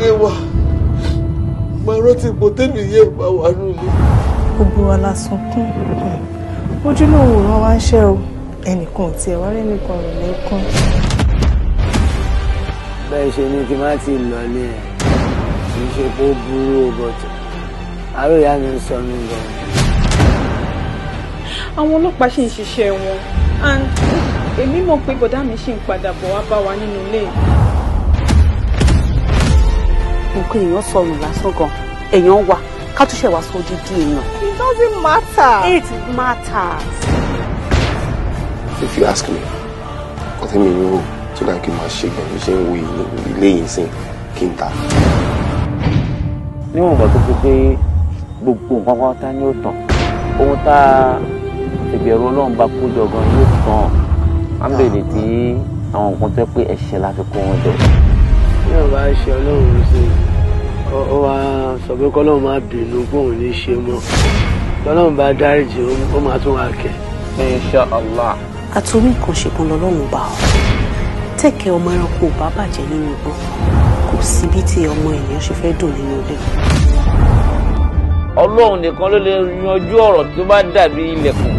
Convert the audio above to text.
lè wà máa rántí ipò tèmi yé máa wà nílé. gbogbo wa la sunkún ojúlówó wọn wá ń ṣe o ẹnìkan tí ẹ wá rẹ nìkan rẹ lẹ́kàn. bẹ́ẹ̀ ṣe ni kí n má ti lọlé ẹ̀ kì í ṣe pé burú o bọ̀tọ̀ àárò ìyá mi ń sọ mí gan. àwọn ọlọ́pàá ṣì ń ṣiṣẹ́ wọn and èmi mọ̀ pé bọ̀dá mi ṣì ń padà bọ̀ wá bá wa nínú ilé nǹkan èèyàn sọnù lásán gan èèyàn wà ká tún ṣe wá sọ dídí èèyàn. it doesn't matter. it matters. if you ask me ọtí mi yóò tó dáa kí n máa ṣe gbẹ̀yìn ṣe ń wo ilé yìí sìn kí n ta. níwọ̀n ìgbà tó fi pé gbogbo nǹkan pátá ni ó tàn ohun tá a ìbẹ̀rù ọlọ́run bá kó jọ gan yóò tàn án bèrè ah. tí àwọn nǹkan tó pé ẹ̀ṣẹ̀ la kó wọn jọ bá ṣe ọlọ́run sí i ó wá sọ pé kọ́lọ́run má bínú bóun ní ṣe mọ́ lọ́lọ́run bá dáríjì ó máa tún wá kẹ́. insha allah. àtòmí kan ṣèkan lọ́lọ́run bá ọ tẹ̀kẹ́ ọmọ ẹranko ò bá bàjẹ́ nínú igbó kò sí bí tí ọmọ ènìyàn ṣe fẹ́ dùn nínú ilé. ọlọ́run nìkan ló lè yanjú ọ̀rọ̀ tó bá dàbí ilẹ̀kùn